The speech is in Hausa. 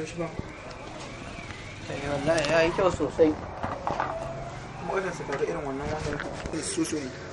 da shi ba eh, wallahi ya yi kyau sosai motarsa irin wannan wanda su ne